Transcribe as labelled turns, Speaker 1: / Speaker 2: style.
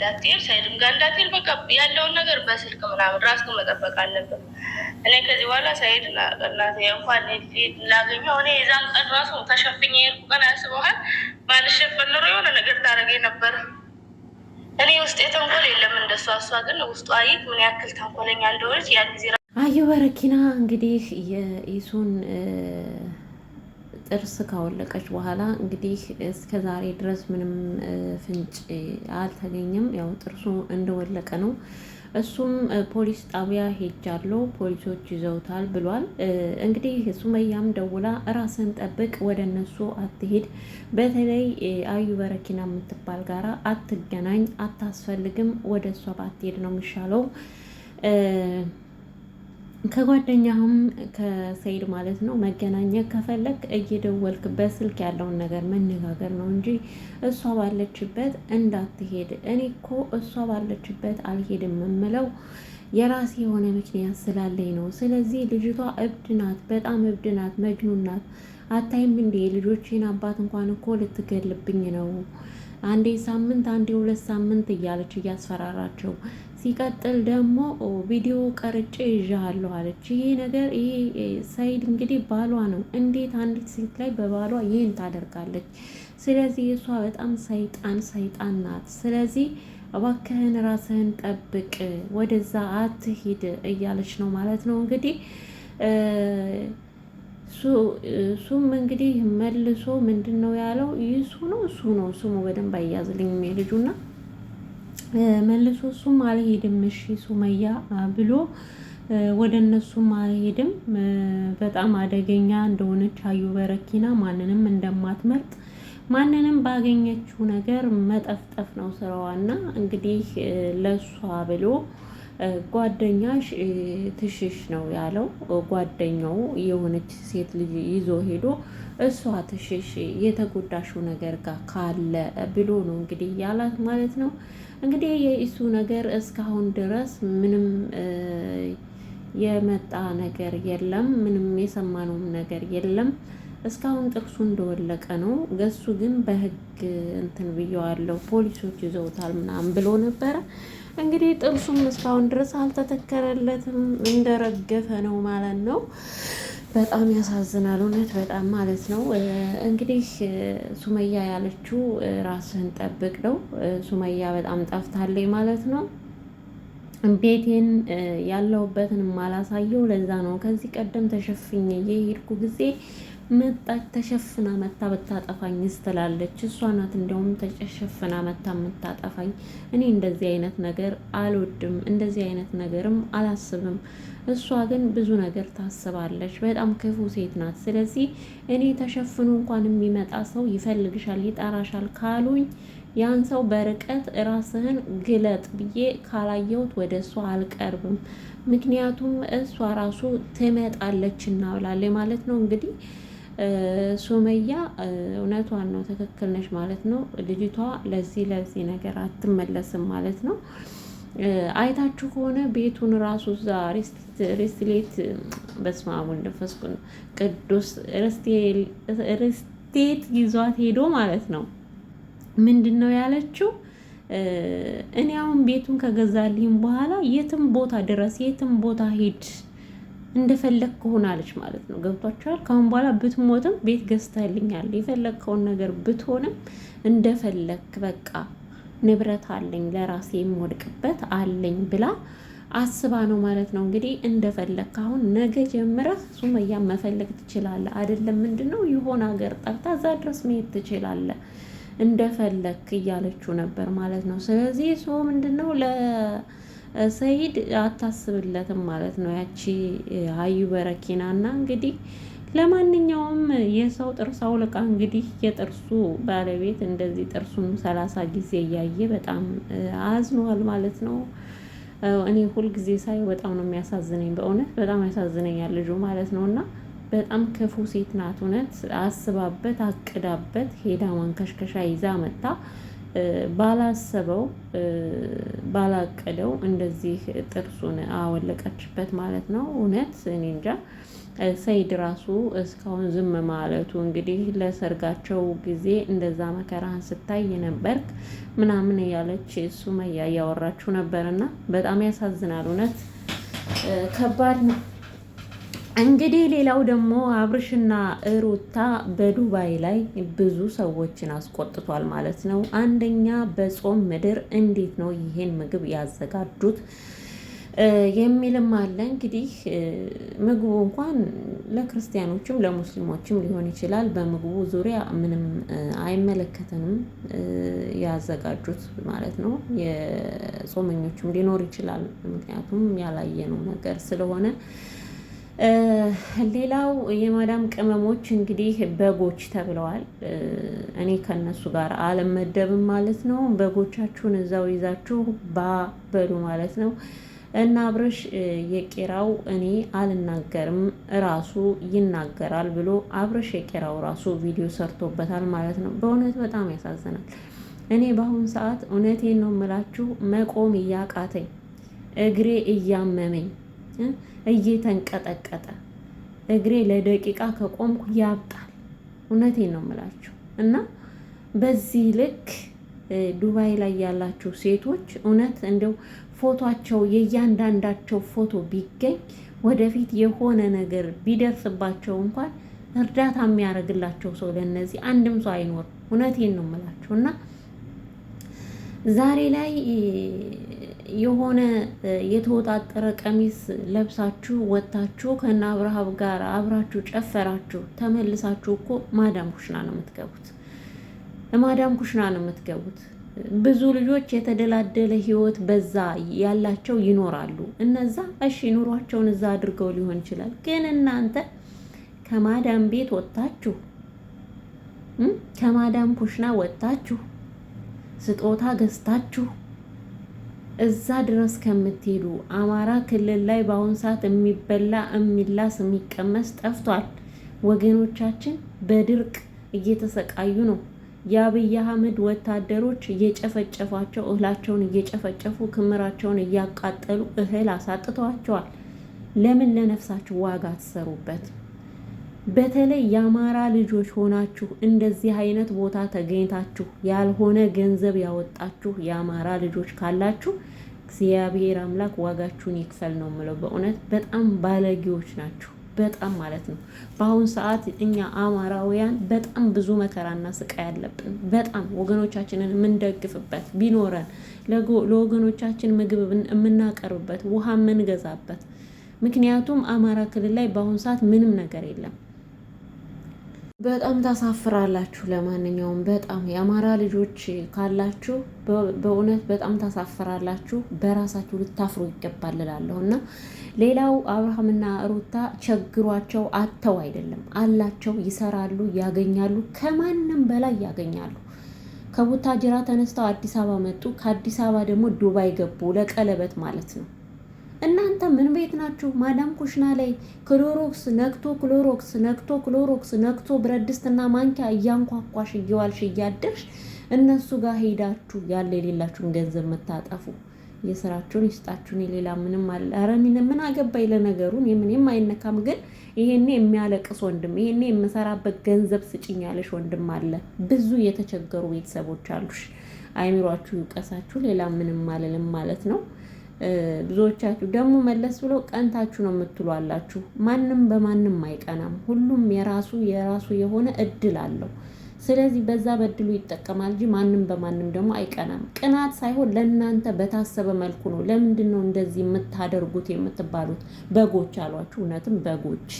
Speaker 1: እንዳትሄድ ሳይድም ጋር እንዳትሄድ በቃ ያለውን ነገር በስልክ ምናምን ራስ መጠበቅ አለብን። እኔ ከዚህ በኋላ ሳይድ ቀናት እንኳን ላገኘው እኔ የዛን ቀን ራሱ ተሸፍኝ የሄድኩ ቀን ያስበሃል። ባልሸፈን ኖሮ የሆነ ነገር ታደርገኝ ነበር። እኔ ውስጥ የተንኮል የለም እንደሷ። እሷ ግን ውስጡ አይት ምን ያክል ተንኮለኛ እንደሆነች ያን ጊዜ
Speaker 2: አየሁ። በረኪና እንግዲህ የኢሱን ጥርስ ካወለቀች በኋላ እንግዲህ እስከ ዛሬ ድረስ ምንም ፍንጭ አልተገኘም። ያው ጥርሱ እንደወለቀ ነው። እሱም ፖሊስ ጣቢያ ሄጃለሁ፣ ፖሊሶች ይዘውታል ብሏል። እንግዲህ ሱመያም ደውላ ራስን ጠብቅ፣ ወደ እነሱ አትሄድ፣ በተለይ አዩ በረኪና የምትባል ጋራ አትገናኝ፣ አታስፈልግም፣ ወደ እሷ ባትሄድ ነው የሚሻለው ከጓደኛህም ከሰይድ ማለት ነው መገናኘ ከፈለግ እየደወልክ በስልክ ያለውን ነገር መነጋገር ነው እንጂ እሷ ባለችበት እንዳትሄድ። እኔ እኮ እሷ ባለችበት አልሄድም የምለው የራሴ የሆነ ምክንያት ስላለኝ ነው። ስለዚህ ልጅቷ እብድ ናት፣ በጣም እብድ ናት፣ መጅኑን ናት። አታይም እንዴ ልጆቼን አባት እንኳን እኮ ልትገልብኝ ነው አንዴ ሳምንት አንዴ ሁለት ሳምንት እያለች እያስፈራራቸው ሲቀጥል ደግሞ ቪዲዮ ቀርጬ ይዣሃለሁ አለች። ይሄ ነገር ይሄ ሰኢድ እንግዲህ ባሏ ነው። እንዴት አንዲት ሴት ላይ በባሏ ይህን ታደርጋለች? ስለዚህ እሷ በጣም ሰይጣን ሰይጣን ናት። ስለዚህ እባክህን ራስህን ጠብቅ፣ ወደዛ አትሂድ እያለች ነው ማለት ነው እንግዲህ እሱም እንግዲህ መልሶ ምንድን ነው ያለው? ይሱ ነው እሱ ነው ስሙ በደንብ አያዝልኝ ልጁና መልሶ እሱም አልሄድም እሺ ሱመያ ብሎ ወደ እነሱም አልሄድም። በጣም አደገኛ እንደሆነች አዩ በረኪና ማንንም እንደማትመርጥ ማንንም ባገኘችው ነገር መጠፍጠፍ ነው ስራዋና እንግዲህ ለእሷ ብሎ ጓደኛሽ ትሽሽ ነው ያለው። ጓደኛው የሆነች ሴት ልጅ ይዞ ሄዶ እሷ ትሽሽ የተጎዳሽው ነገር ጋር ካለ ብሎ ነው እንግዲህ ያላት ማለት ነው። እንግዲህ የእሱ ነገር እስካሁን ድረስ ምንም የመጣ ነገር የለም። ምንም የሰማነውም ነገር የለም። እስካሁን ጥርሱ እንደወለቀ ነው። ገሱ ግን በህግ እንትን ብየዋለው ፖሊሶች ይዘውታል ምናምን ብሎ ነበረ። እንግዲህ ጥርሱም እስካሁን ድረስ አልተተከለለትም፣ እንደረገፈ ነው ማለት ነው። በጣም ያሳዝናል። እውነት በጣም ማለት ነው። እንግዲህ ሱመያ ያለችው ራስህን ጠብቅ ነው። ሱመያ በጣም ጠፍታለች ማለት ነው። ቤቴን ያለሁበትን ማላሳየው ለዛ ነው። ከዚህ ቀደም ተሸፍኜ የሄድኩ ጊዜ መጣች ተሸፍና መታ ብታጠፋኝ ስትላለች እሷ ናት። ተሸፍና መታ የምታጠፋኝ። እኔ እንደዚህ አይነት ነገር አልወድም፣ እንደዚህ አይነት ነገርም አላስብም። እሷ ግን ብዙ ነገር ታስባለች። በጣም ክፉ ሴት ናት። ስለዚህ እኔ ተሸፍኖ እንኳን የሚመጣ ሰው ይፈልግሻል፣ ይጠራሻል ካሉኝ ያን ሰው በርቀት ራስህን ግለጥ ብዬ ካላየሁት ወደ እሷ አልቀርብም። ምክንያቱም እሷ ራሱ ትመጣለች እና ብላለች ማለት ነው እንግዲህ ሱመያ እውነቷን ነው፣ ትክክል ነሽ ማለት ነው። ልጅቷ ለዚህ ለዚህ ነገር አትመለስም ማለት ነው። አይታችሁ ከሆነ ቤቱን ራሱ እዛ ሬስሌት በስመ አብ ቅዱስ ሬስቴት ይዟት ሄዶ ማለት ነው። ምንድን ነው ያለችው? እኔ አሁን ቤቱን ከገዛልኝ በኋላ የትም ቦታ ድረስ የትም ቦታ ሄድ? እንደፈለግክ ሆናለች ማለት ነው። ገብቷችኋል? ከአሁን በኋላ ብትሞትም ቤት ገዝተህልኛል፣ የፈለግከውን ነገር ብትሆንም እንደፈለግክ በቃ ንብረት አለኝ ለራሴ የምወድቅበት አለኝ ብላ አስባ ነው ማለት ነው። እንግዲህ እንደፈለግ አሁን ነገ ጀምረህ ሱመያ መፈለግ ትችላለህ። አይደለም ምንድን ነው የሆነ ሀገር ጠርታ እዛ ድረስ መሄድ ትችላለህ እንደፈለግክ እያለችው ነበር ማለት ነው። ስለዚህ ሰው ምንድን ነው ለ ሰይድ አታስብለትም ማለት ነው ያቺ አዩ በረኪና እና እንግዲህ ለማንኛውም የሰው ጥርስ አውልቃ እንግዲህ የጥርሱ ባለቤት እንደዚህ ጥርሱን ሰላሳ ጊዜ እያየ በጣም አዝኗል ማለት ነው። እኔ ሁልጊዜ ሳይ በጣም ነው የሚያሳዝነኝ፣ በእውነት በጣም ያሳዝነኛል ልጁ ማለት ነው። እና በጣም ክፉ ሴት ናት እውነት። አስባበት አቅዳበት ሄዳ ማንከሽከሻ ይዛ መጣ። ባላሰበው ባላቀደው እንደዚህ ጥርሱን አወለቀችበት ማለት ነው። እውነት እኔ እንጃ ሰይድ ራሱ እስካሁን ዝም ማለቱ እንግዲህ ለሰርጋቸው ጊዜ እንደዛ መከራህን ስታይ የነበርክ ምናምን እያለች ሱመያ እያወራችሁ ነበርና በጣም ያሳዝናል። እውነት ከባድ ነው። እንግዲህ ሌላው ደግሞ አብርሽና ሩታ በዱባይ ላይ ብዙ ሰዎችን አስቆጥቷል ማለት ነው። አንደኛ በጾም ምድር እንዴት ነው ይሄን ምግብ ያዘጋጁት የሚልም አለ። እንግዲህ ምግቡ እንኳን ለክርስቲያኖችም ለሙስሊሞችም ሊሆን ይችላል። በምግቡ ዙሪያ ምንም አይመለከተንም ያዘጋጁት ማለት ነው። የጾመኞችም ሊኖር ይችላል፣ ምክንያቱም ያላየነው ነገር ስለሆነ ሌላው የማዳም ቅመሞች እንግዲህ በጎች ተብለዋል። እኔ ከነሱ ጋር አልመደብም ማለት ነው። በጎቻችሁን እዛው ይዛችሁ ባበሉ ማለት ነው። እና አብርሽ የቄራው እኔ አልናገርም ራሱ ይናገራል ብሎ አብርሽ የቄራው ራሱ ቪዲዮ ሰርቶበታል ማለት ነው። በእውነት በጣም ያሳዝናል። እኔ በአሁኑ ሰዓት እውነቴን ነው የምላችሁ መቆም እያቃተኝ እግሬ እያመመኝ እየተንቀጠቀጠ እግሬ ለደቂቃ ከቆምኩ ያብጣል። እውነቴን ነው የምላችሁ እና በዚህ ልክ ዱባይ ላይ ያላችሁ ሴቶች እውነት እንደው ፎቷቸው የእያንዳንዳቸው ፎቶ ቢገኝ ወደፊት የሆነ ነገር ቢደርስባቸው እንኳን እርዳታ የሚያደርግላቸው ሰው ለእነዚህ አንድም ሰው አይኖርም። እውነቴን ነው የምላችሁ እና ዛሬ ላይ የሆነ የተወጣጠረ ቀሚስ ለብሳችሁ ወጥታችሁ ከነ አብርሃም ጋር አብራችሁ ጨፈራችሁ፣ ተመልሳችሁ እኮ ማዳም ኩሽና ነው የምትገቡት። ማዳም ኩሽና ነው የምትገቡት። ብዙ ልጆች የተደላደለ ህይወት በዛ ያላቸው ይኖራሉ። እነዛ እሺ ኑሯቸውን እዛ አድርገው ሊሆን ይችላል። ግን እናንተ ከማዳም ቤት ወጥታችሁ ከማዳም ኩሽና ወጥታችሁ ስጦታ ገዝታችሁ እዛ ድረስ ከምትሄዱ አማራ ክልል ላይ በአሁኑ ሰዓት የሚበላ የሚላስ የሚቀመስ ጠፍቷል። ወገኖቻችን በድርቅ እየተሰቃዩ ነው። የአብይ አህመድ ወታደሮች እየጨፈጨፏቸው እህላቸውን እየጨፈጨፉ ክምራቸውን እያቃጠሉ እህል አሳጥተዋቸዋል። ለምን ለነፍሳችሁ ዋጋ ትሰሩበት? በተለይ የአማራ ልጆች ሆናችሁ እንደዚህ አይነት ቦታ ተገኝታችሁ ያልሆነ ገንዘብ ያወጣችሁ የአማራ ልጆች ካላችሁ እግዚአብሔር አምላክ ዋጋችሁን ይክፈል ነው የምለው። በእውነት በጣም ባለጌዎች ናችሁ፣ በጣም ማለት ነው። በአሁኑ ሰዓት እኛ አማራውያን በጣም ብዙ መከራና ስቃይ ያለብን በጣም ወገኖቻችንን የምንደግፍበት ቢኖረን ለወገኖቻችን ምግብ የምናቀርብበት ውሃ የምንገዛበት ምክንያቱም አማራ ክልል ላይ በአሁኑ ሰዓት ምንም ነገር የለም። በጣም ታሳፍራላችሁ። ለማንኛውም በጣም የአማራ ልጆች ካላችሁ በእውነት በጣም ታሳፍራላችሁ። በራሳችሁ ልታፍሩ ይገባል እላለሁ እና ሌላው አብርሃምና ሩታ ቸግሯቸው አተው አይደለም፣ አላቸው። ይሰራሉ፣ ያገኛሉ፣ ከማንም በላይ ያገኛሉ። ከቡታጅራ ተነስተው አዲስ አበባ መጡ። ከአዲስ አበባ ደግሞ ዱባይ ገቡ፣ ለቀለበት ማለት ነው። ምን ቤት ናችሁ? ማዳም ኩሽና ላይ ክሎሮክስ ነክቶ ክሎሮክስ ነክቶ ክሎሮክስ ነክቶ ብረት ድስትና ማንኪያ እያንኳኳሽ እየዋልሽ እያደርሽ እነሱ ጋር ሄዳችሁ ያለ የሌላችሁን ገንዘብ የምታጠፉ የስራችሁን ይስጣችሁን። የሌላ ምንም አለ ረሚን ምን አገባኝ? ለነገሩን የምንም አይነካም። ግን ይሄኔ የሚያለቅስ ወንድም፣ ይሄኔ የምሰራበት ገንዘብ ስጭኝ ያለሽ ወንድም አለ። ብዙ የተቸገሩ ቤተሰቦች አሉሽ። አይምሯችሁ ይውቀሳችሁ። ሌላ ምንም አልልም ማለት ነው። ብዙዎቻችሁ ደግሞ መለስ ብለው ቀንታችሁ ነው የምትሉ አላችሁ። ማንም በማንም አይቀናም። ሁሉም የራሱ የራሱ የሆነ እድል አለው። ስለዚህ በዛ በድሉ ይጠቀማል እንጂ ማንም በማንም ደግሞ አይቀናም። ቅናት ሳይሆን ለእናንተ በታሰበ መልኩ ነው። ለምንድን ነው እንደዚህ የምታደርጉት የምትባሉት? በጎች አሏችሁ። እውነትም በጎች